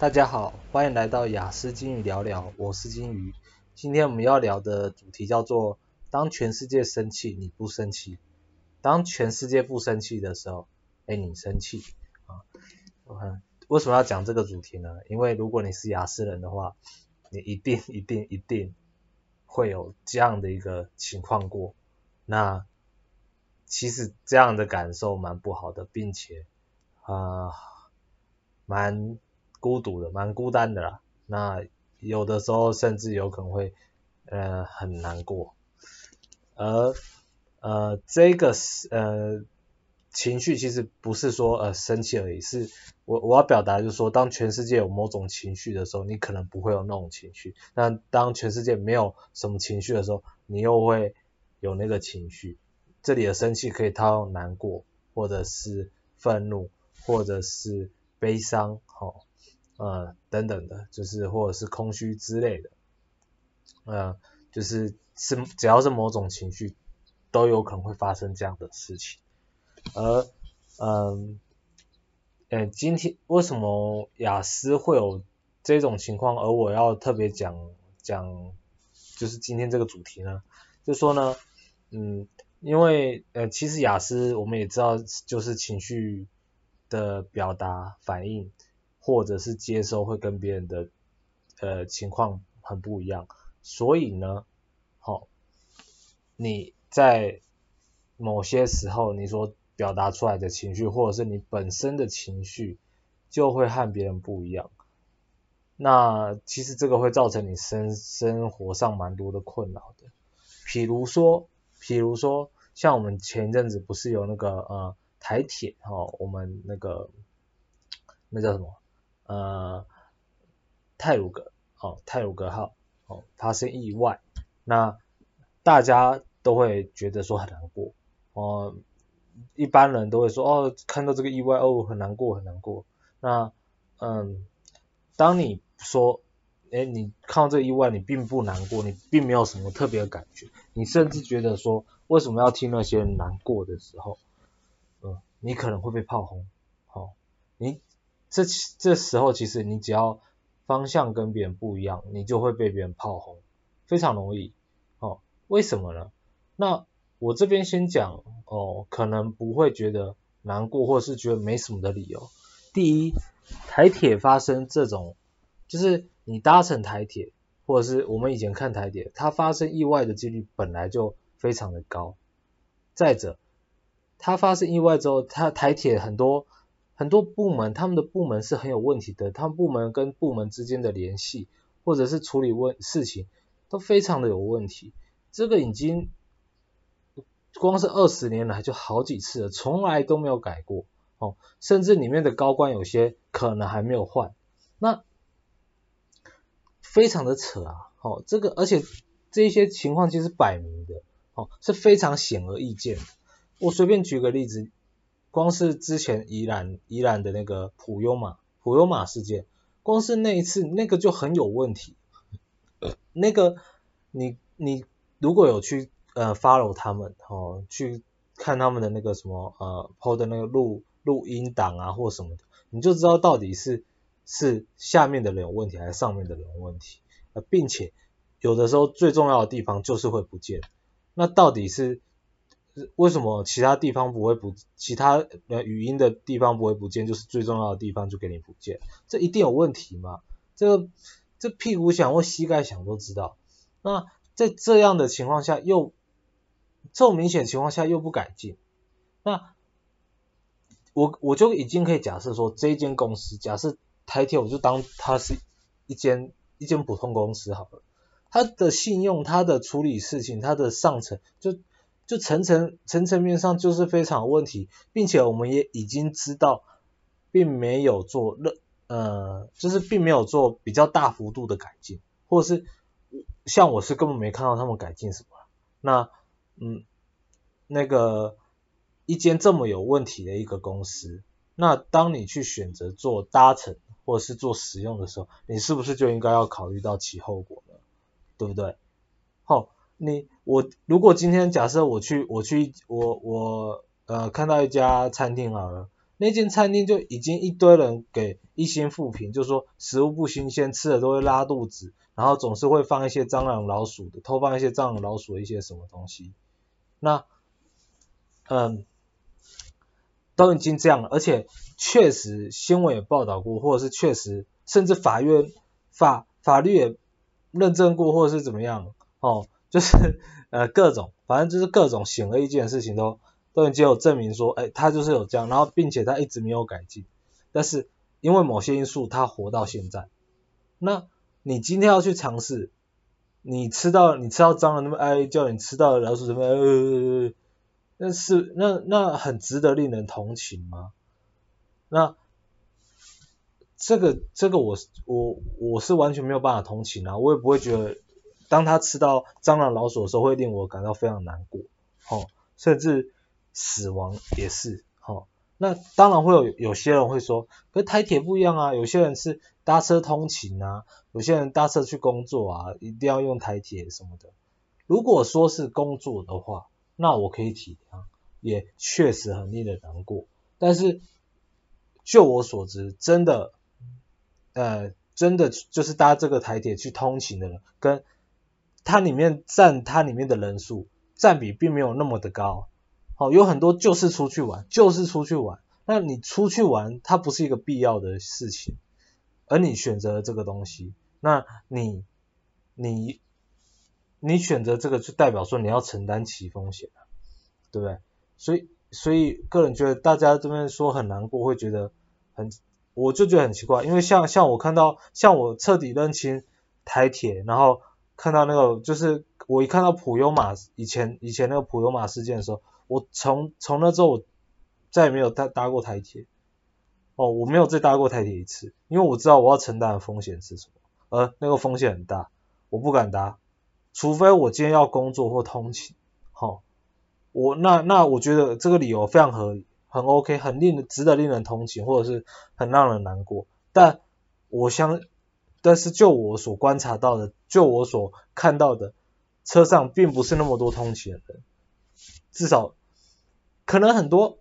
大家好，歡迎來到亞斯金魚聊聊，我是金魚。今天我們要聊的主題叫做“當全世界生氣你不生氣，當全世界不生氣的時候，誒你生氣啊”。我看為什麼要講這個主題呢？因為如果你是亞斯人的話，你一定一定一定會有這樣的一個情況過。那其實這樣的感受蠻不好的，並且啊、呃、蠻。孤獨的，蠻孤單的啦。那有的時候甚至有可能會，呃，很難過。而，呃，這個呃情緒其實不是說呃生氣而已，是我我要表達就是說，當全世界有某種情緒的時候，你可能不會有那種情緒。那當全世界沒有什麼情緒的時候，你又會有那個情緒。這裡的生氣可以套用難過，或者是憤怒，或者是悲傷，齁。呃、嗯，等等的，就是或者是空虛之類的，呃、嗯，就是是只要是某種情緒，都有可能會發生這樣的事情。而，嗯，呃，今天為什麼亞斯會有這種情況？而我要特別講講，就是今天這個主題呢？就說呢，嗯，因為呃，其實亞斯我們也知道，就是情緒的表達反應。或者是接收會跟別人的呃情況很不一樣，所以呢，好、哦，你在某些時候你所表達出來的情緒，或者是你本身的情緒，就會和別人不一樣。那其實這個會造成你生生活上蠻多的困擾的。比如說，比如說，像我們前一陣子不是有那個呃台鐵哈、哦，我們那個那叫什麼？呃，泰魯格哦，泰魯格號哦，發生意外，那大家都會覺得說很難過哦，一般人都會說哦，看到這個意外哦，很難過很難過。那嗯，當你說，哎，你看到這個意外你並不難過，你並沒有什麼特別的感覺，你甚至覺得說為什麼要聽那些難過的時候，嗯、呃，你可能會被炮轟，好、哦，你、嗯。這這時候其實你只要方向跟別人不一樣，你就會被別人炮轟，非常容易。哦，為什麼呢？那我這邊先講哦，可能不會覺得難過，或是覺得沒什麼的理由。第一，台鐵發生這種，就是你搭乘台鐵，或者是我們以前看台鐵，它發生意外的幾率本來就非常的高。再者，它發生意外之後，它台鐵很多。很多部門，他們的部門是很有問題的，他們部門跟部門之間的聯繫，或者是處理問事情，都非常的有問題。這個已經光是二十年來就好幾次了，從來都沒有改過哦。甚至裡面的高官有些可能還沒有換，那非常的扯啊！好、哦，這個而且這一些情況其實擺明的，好、哦、是非常顯而易見的。我隨便舉個例子。光是之前宜蘭宜蘭的那個普悠瑪普悠瑪事件，光是那一次那個就很有問題。那個你你如果有去呃 follow 他們哦，去看他們的那個什麼呃 po 的那個錄錄音檔啊或什麼的，你就知道到底是是下面的人有問題還是上面的人有問題。呃，並且有的時候最重要的地方就是會不見，那到底是？為什麼其他地方不會補？其他呃語音的地方不會補見，就是最重要的地方就給你補見，這一定有問題嗎？這個這屁股響或膝蓋響都知道。那在這樣的情況下，又這種明顯情況下又不改進，那我我就已經可以假設說，這間公司假設台鐵，我就當它是一間一間普通公司好了，它的信用、它的處理事情、它的上層就。就層層層層面上就是非常有問題，並且我們也已經知道，並沒有做任呃，就是並沒有做比較大幅度的改進，或是像我是根本沒看到他們改進什麼。那嗯，那個一間這麼有問題的一個公司，那當你去選擇做搭乘或是做使用的時候，你是不是就應該要考慮到其後果呢？對不對？好、哦。你我如果今天假設我去我去我我呃看到一家餐廳好了，那間餐廳就已經一堆人給一星負評，就說食物不新鮮，吃了都會拉肚子，然後總是會放一些蟑螂老鼠的，偷放一些蟑螂老鼠的一些什麼東西。那嗯都已經這樣了，而且確實新聞也報道過，或者是確實甚至法院法法律也認證過，或者是怎麼樣哦。就是呃各種，反正就是各種顯而易見的事情都都已經有證明說，哎，他就是有這樣，然後並且他一直沒有改進，但是因為某些因素他活到現在。那你今天要去嘗試，你吃到你吃到蟑螂那麼哎叫你吃到老鼠什麼，那是那那很值得令人同情嗎？那這個這個我我我是完全沒有辦法同情啊，我也不會覺得。當他吃到蟑螂、老鼠的時候，會令我感到非常難過，好、哦，甚至死亡也是好、哦。那當然會有有些人會說，可是台鐵不一樣啊，有些人是搭車通勤啊，有些人搭車去工作啊，一定要用台鐵什麼的。如果說是工作的話，那我可以體諒，也確實很令人難過。但是就我所知，真的，呃，真的就是搭這個台鐵去通勤的人，跟它裡面佔它裡面的人數占比並沒有那麼的高、啊，好，有很多就是出去玩，就是出去玩。那你出去玩，它不是一個必要的事情，而你選擇了這個東西，那你你你選擇這個就代表說你要承擔起風險、啊、對不對？所以所以個人覺得大家這邊說很難過，會覺得很，我就覺得很奇怪，因為像像我看到，像我徹底認清台鐵，然後。看到那個，就是我一看到普悠馬以前以前那個普悠馬事件的時候，我從從那之後我再也沒有搭搭過台鐵，哦，我沒有再搭過台鐵一次，因為我知道我要承擔的風險是什麼，呃，那個風險很大，我不敢搭，除非我今天要工作或通勤，好、哦，我那那我覺得這個理由非常合理，很 OK，很令人值得令人同情，或者是很讓人難過，但我相，但是就我所觀察到的。就我所看到的，車上並不是那麼多通勤的人，至少可能很多，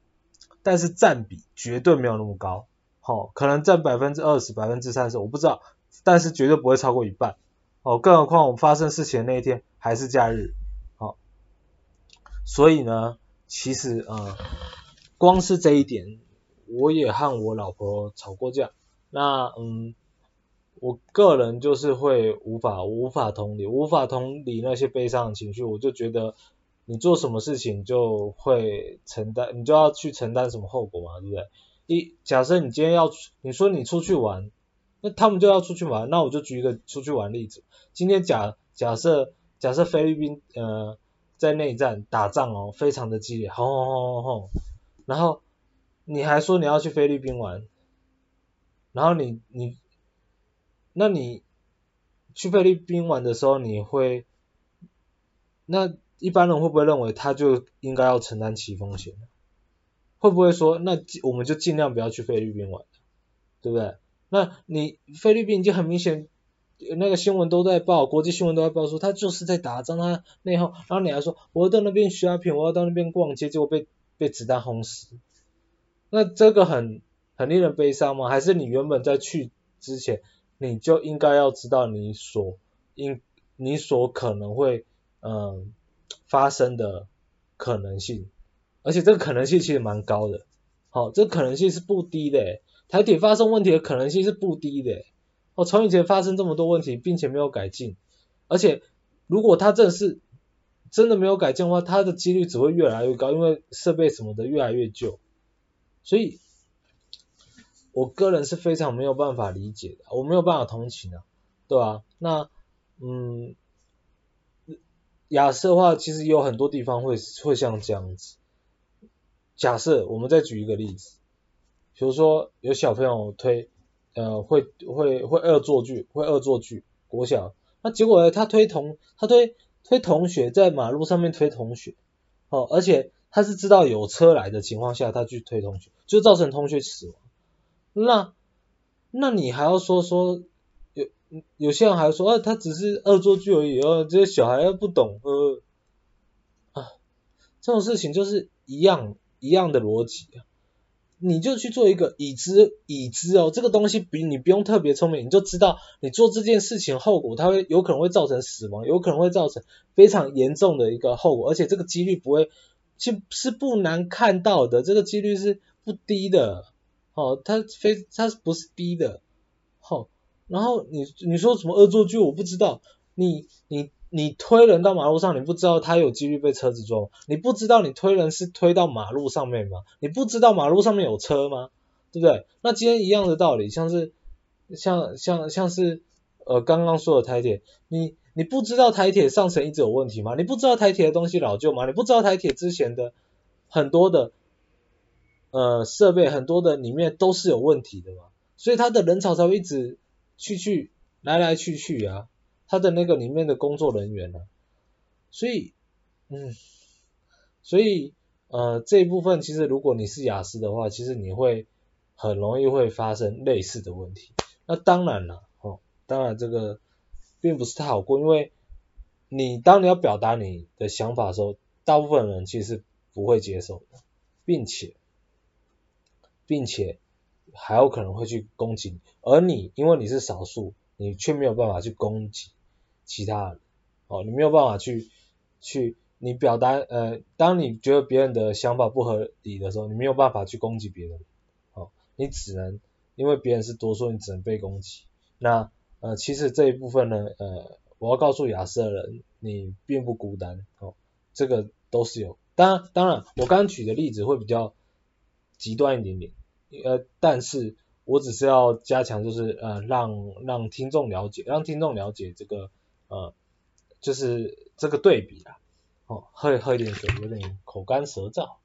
但是佔比絕對沒有那麼高。好、哦，可能佔百分之二十、百分之三十，我不知道，但是絕對不會超過一半。哦，更何況我發生事情的那一天還是假日。好、哦，所以呢，其實啊、呃，光是這一點，我也和我老婆吵過架。那嗯。我個人就是會無法無法同理無法同理那些悲傷的情緒，我就覺得你做什麼事情就會承擔，你就要去承擔什麼後果嘛，對不對？一假設你今天要你說你出去玩，那他們就要出去玩，那我就舉一個出去玩例子，今天假假設假設菲律賓呃在內戰打仗哦，非常的激烈，轟轟轟轟轟，然後你還說你要去菲律賓玩，然後你你。那你去菲律賓玩的時候，你會那一般人會不會認為他就應該要承擔起風險？會不會說那我們就儘量不要去菲律賓玩，對不對？那你菲律賓已經很明顯，那個新聞都在報，國際新聞都在報說他就是在打仗，他內訌，然後你還說我要到那邊 shopping，我要到那邊逛街，結果被被子彈轟死，那這個很很令人悲傷嗎？還是你原本在去之前，你就應該要知道你所應你所可能會嗯發生的可能性，而且這個可能性其實蠻高的，好、哦，這個可能性是不低的，台鐵發生問題的可能性是不低的，哦，從以前發生這麼多問題，並且沒有改進，而且如果它真的是真的沒有改進的話，它的幾率只會越來越高，因為設備什麼的越來越舊，所以。我個人是非常沒有辦法理解的，我沒有辦法同情啊，對吧？那，嗯，亞斯的話，其實有很多地方會會像這樣子。假設我們再舉一個例子，比如說有小朋友推，呃，會會會惡作劇，會惡作劇，國小，那結果呢，他推同他推推同學在馬路上面推同學，哦，而且他是知道有車來的情況下，他去推同學，就造成同學死亡。那，那你還要說說有有些人還說，啊，他只是惡作劇而已哦，啊，這些小孩又不懂，呃，啊，這種事情就是一樣一樣的邏輯啊，你就去做一個已知已知哦，這個東西比你不用特別聰明，你就知道你做這件事情後果，它會有可能會造成死亡，有可能會造成非常嚴重的一個後果，而且這個幾率不會，就是不難看到的，這個幾率是不低的。哦，他非他不是逼的，好、哦，然後你你說什麼惡作劇，我不知道，你你你推人到馬路上，你不知道他有幾率被車子撞，你不知道你推人是推到馬路上面嗎？你不知道馬路上面有車嗎？對不對？那今天一樣的道理，像是像像像是呃剛剛說的台鐵，你你不知道台鐵上層一直有問題嗎？你不知道台鐵的東西老舊嗎？你不知道台鐵之前的很多的。呃，設備很多的裡面都是有問題的嘛，所以他的人潮才會一直去去來來去去啊，他的那個裡面的工作人員呢、啊，所以，嗯，所以呃這一部分其實如果你是亞斯的話，其實你會很容易會發生類似的問題。那當然了，哦，當然這個並不是太好過，因為你當你要表達你的想法的時候，大部分人其實是不會接受的，並且。並且還有可能會去攻擊你，而你因為你是少數，你卻沒有辦法去攻擊其他人，哦，你沒有辦法去去你表達呃，當你覺得別人的想法不合理的時候，你沒有辦法去攻擊別人，哦，你只能因為別人是多數，你只能被攻擊。那呃，其實這一部分呢，呃，我要告訴亞斯的人，你並不孤單，哦，這個都是有。當然，當然，我剛舉的例子會比較極端一點點。呃，但是我只是要加強，就是呃，讓讓聽眾了解，讓聽眾了解這個呃，就是這個對比啊。哦，喝喝一點水，有點口乾舌燥。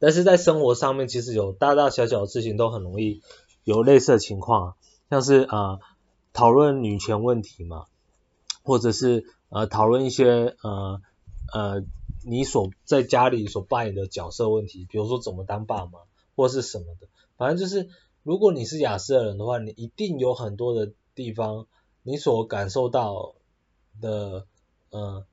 但是在生活上面，其實有大大小小的事情都很容易有類似的情況啊，像是呃討論女權問題嘛，或者是呃討論一些呃呃。呃你所在家裡所扮演的角色問題，比如說怎麼當爸媽，或是什麼的，反正就是，如果你是亞斯的人的話，你一定有很多的地方，你所感受到的，嗯、呃、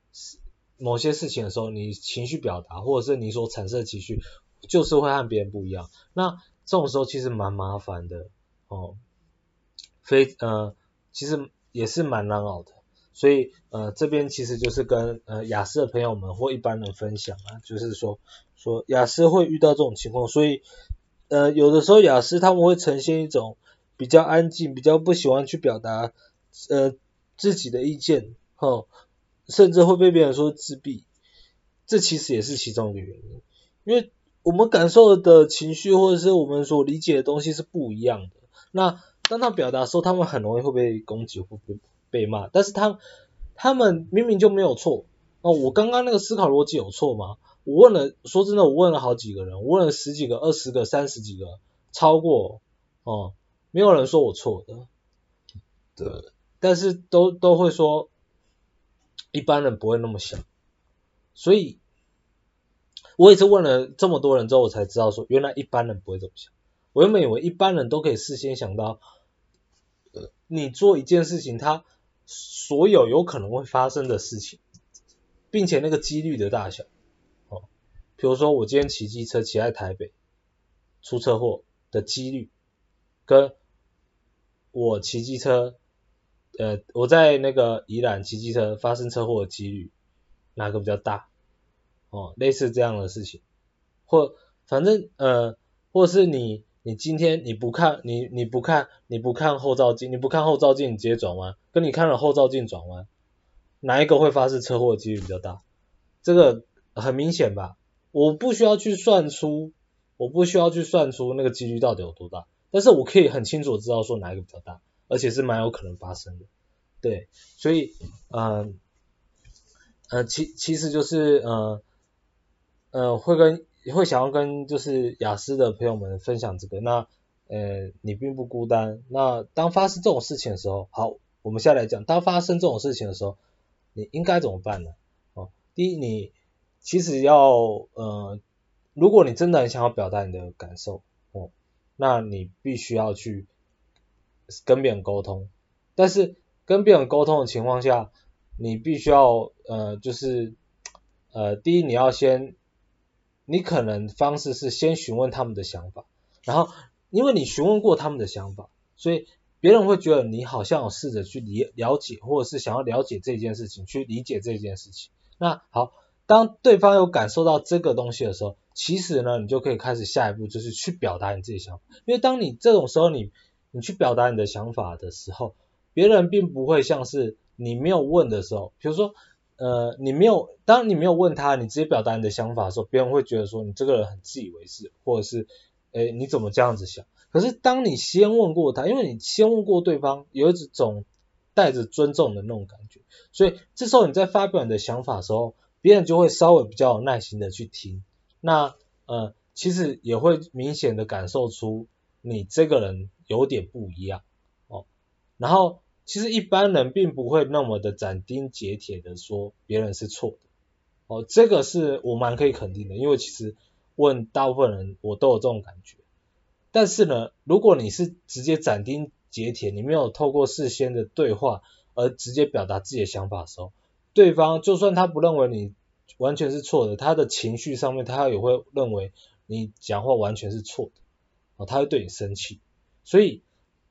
某些事情的時候，你情緒表達或者是你所產生的情緒，就是會和別人不一樣。那這種時候其實蠻麻煩的哦，非呃，其實也是蠻難熬的。所以，呃，這邊其實就是跟呃亞斯的朋友們或一般人分享啊，就是說，說亞斯會遇到這種情況，所以，呃，有的時候亞斯他們會呈現一種比較安靜、比較不喜歡去表達，呃，自己的意見，哈、哦，甚至會被別人說自閉，這其實也是其中一個原因，因為我們感受的情緒或者是我們所理解的東西是不一樣的，那當他表達的時候，他們很容易會被攻擊或被。會被罵，但是他他們明明就沒有錯啊、哦！我剛剛那個思考邏輯有錯嗎？我問了，說真的，我問了好幾個人，我問了十幾個、二十個、三十幾個，超過哦，沒有人說我錯的。對，但是都都會說一般人不會那麼想，所以我也是問了這麼多人之後，我才知道說原來一般人不會這麼想。我原本以為一般人都可以事先想到，你做一件事情，他。所有有可能會發生的事情，並且那個幾率的大小，哦，比如說我今天騎機車騎在台北出車禍的幾率，跟我騎機車，呃，我在那個宜蘭騎機車發生車禍的幾率，哪個比較大？哦，類似這樣的事情，或反正呃，或是你你今天你不看你你不看你不看後照鏡，你不看後照鏡，你直接轉彎。跟你看了後照鏡轉彎，哪一個會發生車禍幾率比較大？這個很明顯吧？我不需要去算出，我不需要去算出那個幾率到底有多大，但是我可以很清楚的知道說哪一個比較大，而且是蠻有可能發生的。對，所以，嗯、呃，呃，其其實就是，嗯、呃、嗯、呃、會跟會想要跟就是亞斯的朋友們分享這個，那呃，你並不孤單。那當發生這種事情的時候，好。我們下來講，當發生這種事情的時候，你應該怎麼辦呢？哦，第一，你其實要，呃，如果你真的很想要表達你的感受，哦，那你必須要去跟別人溝通。但是跟別人溝通的情況下，你必須要，呃，就是，呃，第一，你要先，你可能方式是先詢問他們的想法，然後，因為你詢問過他們的想法，所以。別人會覺得你好像有試着去理了解，或者是想要了解這件事情，去理解這件事情。那好，當對方有感受到這個東西的時候，其實呢，你就可以開始下一步，就是去表達你自己想法。因為當你這種時候你，你你去表達你的想法的時候，別人並不會像是你沒有問的時候，比如說，呃，你沒有，當你沒有問他，你直接表達你的想法的時候，別人會覺得說你這個人很自以為是，或者是，誒，你怎麼這樣子想？可是，當你先問過他，因為你先問過對方，有一種帶着尊重的那種感覺，所以這時候你在發表你的想法的時候，別人就會稍微比較有耐心的去聽。那，呃，其實也會明顯的感受出你這個人有點不一樣哦。然後，其實一般人並不會那麼的斬釘截鐵的說別人是錯的哦。這個是我蠻可以肯定的，因為其實問大部分人，我都有這種感覺。但是呢，如果你是直接斬釘截鐵，你沒有透過事先的對話而直接表達自己的想法的時候，對方就算他不認為你完全是錯的，他的情緒上面他也會認為你講話完全是錯的，哦，他會對你生氣。所以，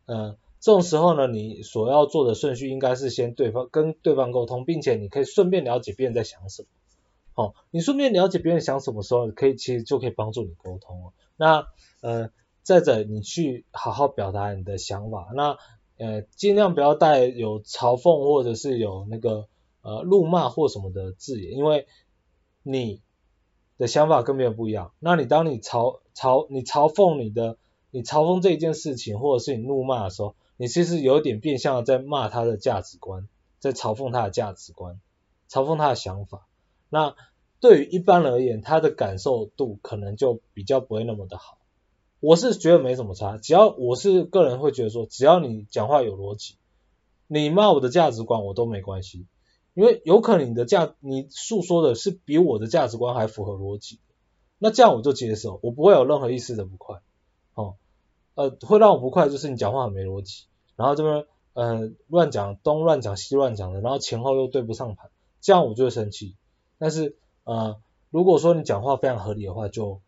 呃，這種時候呢，你所要做的順序應該是先對方跟對方溝通，並且你可以順便了解別人在想什麼。好，你順便了解別人想什麼時候，可以其實就可以幫助你溝通了。那，呃。再者，你去好好表達你的想法，那呃盡量不要帶有嘲諷或者是有那個呃怒罵或什麼的字眼，因為你的想法跟別人不一樣。那你當你嘲嘲你嘲諷你的，你嘲諷這一件事情，或者是你怒罵的時候，你其實有點變相的在罵他的價值觀，在嘲諷他的價值觀，嘲諷他的想法。那對於一般人而言，他的感受度可能就比較不會那麼的好。我是覺得沒什麼差，只要我是個人會覺得說，只要你講話有邏輯，你罵我的價值觀我都沒關係，因為有可能你的價你訴說的是比我的價值觀還符合邏輯，那這樣我就接受，我不會有任何一絲的不快。好、哦，呃，會讓我不快就是你講話很沒邏輯，然後這邊呃亂講東亂講西亂講的，然後前後又對不上盤，這樣我就會生氣。但是呃，如果說你講話非常合理的話，就。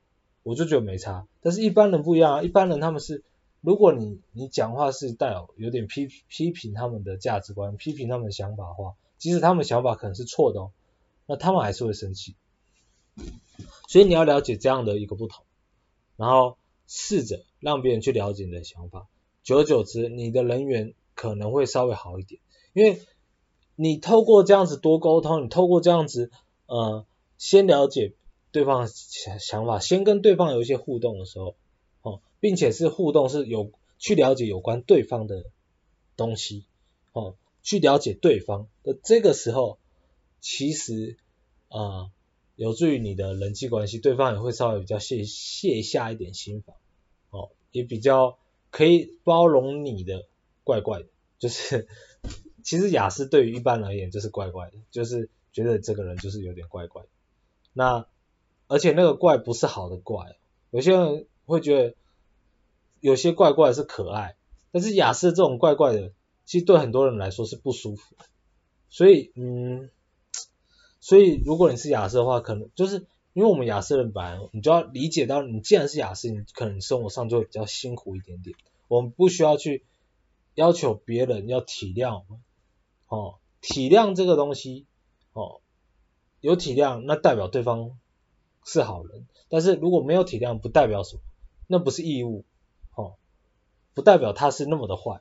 我就覺得沒差，但是一般人不一樣啊，一般人他們是，如果你你講話是帶有有點批批評他們的價值觀，批評他們的想法的話，即使他們想法可能是錯的哦，那他們還是會生氣。所以你要了解這樣的一個不同，然後試着讓別人去了解你的想法，久而久之，你的人緣可能會稍微好一點，因為你透過這樣子多溝通，你透過這樣子呃先了解。對方想想法，先跟對方有一些互動的時候，哦，並且是互動是有去了解有關對方的東西，哦，去了解對方的這個時候，其實啊、呃，有助於你的人際關係，對方也會稍微比較卸卸下一點心防，哦，也比較可以包容你的怪怪的，就是其實亞斯對於一般而言就是怪怪的，就是覺得這個人就是有點怪怪的，那。而且那個怪不是好的怪，有些人會覺得有些怪怪是可愛，但是亞斯這種怪怪的，其實對很多人來說是不舒服的。所以，嗯，所以如果你是亞斯的話，可能就是因為我們亞斯人本來你就要理解到，你既然是亞斯，你可能生活上就會比較辛苦一點點。我們不需要去要求別人要體諒哦，體諒這個東西，哦，有體諒那代表對方。是好人，但是如果沒有體諒，不代表什麼，那不是義務，哦，不代表他是那麼的壞，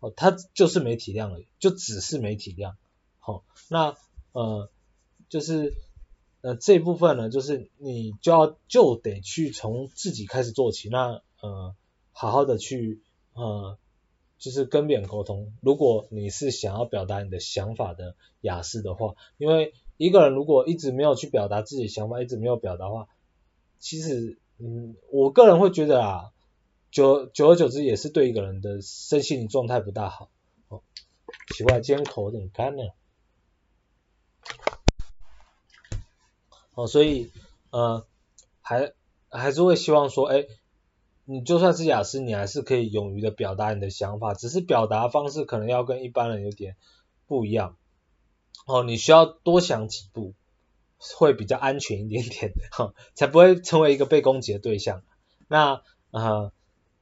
哦，他就是沒體諒而已，就只是沒體諒，好、哦，那呃，就是呃這一部分呢，就是你就要就得去從自己開始做起，那呃，好好的去呃，就是跟別人溝通，如果你是想要表達你的想法的亞斯的話，因為。一個人如果一直沒有去表達自己的想法，一直沒有表達的話，其實，嗯，我個人會覺得啊，久久而久之也是對一個人的身心狀態不大好。哦，奇怪，肩口有點乾了。哦，所以，嗯、呃，還還是會希望說，哎，你就算是亞斯，你還是可以勇於的表達你的想法，只是表達方式可能要跟一般人有點不一樣。哦，你需要多想幾步，會比較安全一點點，哈，才不會成為一個被攻擊的對象。那，呃，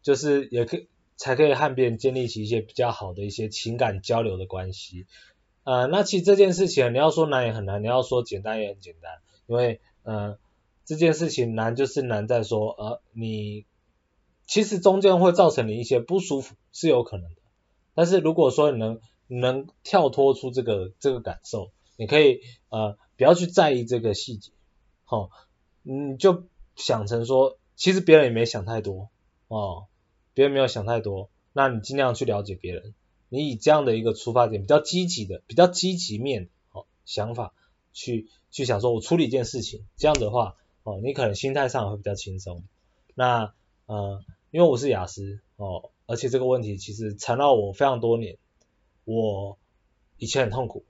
就是也可，才可以和別人建立起一些比較好的一些情感交流的關係。呃，那其實這件事情你要說難也很難，你要說簡單也很簡單，因為，呃，這件事情難就是難在說，呃，你其實中間會造成你一些不舒服是有可能的。但是如果說你能。能跳脫出這個這個感受，你可以呃不要去在意這個細節，好、哦，你就想成說，其實別人也沒想太多哦，別人沒有想太多，那你盡量去了解別人，你以這樣的一個出發點，比較積極的比較積極面的哦想法去去想說，我處理一件事情，這樣的話哦，你可能心態上會比較輕鬆。那呃，因為我是亞斯哦，而且這個問題其實纏繞我非常多年。我以前很痛苦，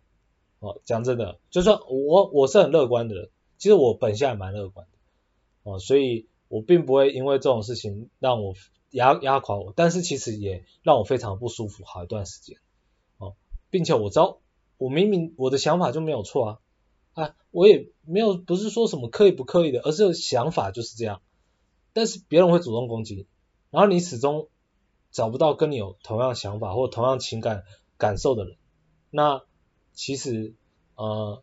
哦，講真的，就算我我是很樂觀的人，其實我本性還蠻樂觀的，哦，所以我並不會因為這種事情讓我壓壓垮我，但是其實也讓我非常不舒服好一段時間，哦，並且我知道我明明我的想法就沒有錯啊，啊，我也沒有不是說什麼刻意不刻意的，而是想法就是這樣，但是別人會主動攻擊，然後你始終找不到跟你有同樣想法或者同樣情感感受的人，那其實呃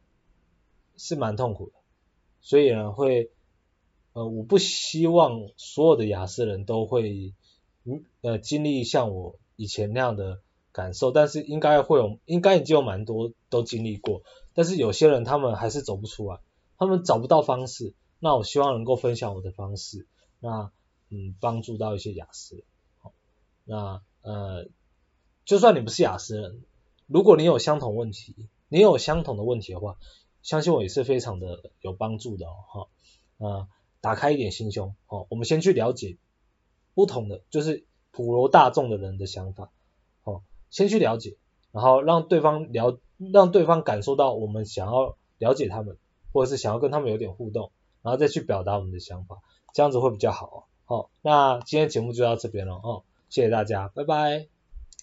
是蠻痛苦的，所以呢會呃我不希望所有的亞斯人都會嗯呃經歷像我以前那樣的感受，但是應該會有，應該已經有蠻多都經歷過，但是有些人他們還是走不出來，他們找不到方式，那我希望能夠分享我的方式，那嗯幫助到一些亞斯人，好，那呃。就算你不是亞斯人，如果你有相同問題，你有相同的問題的話，相信我也是非常的有幫助的哈、哦、啊、哦呃，打開一點心胸好、哦，我們先去了解不同的，就是普羅大眾的人的想法好、哦，先去了解，然後讓對方了，讓對方感受到我們想要了解他們，或者是想要跟他們有點互動，然後再去表達我們的想法，這樣子會比較好哦。好，那今天節目就到這邊了哦，謝謝大家，拜拜。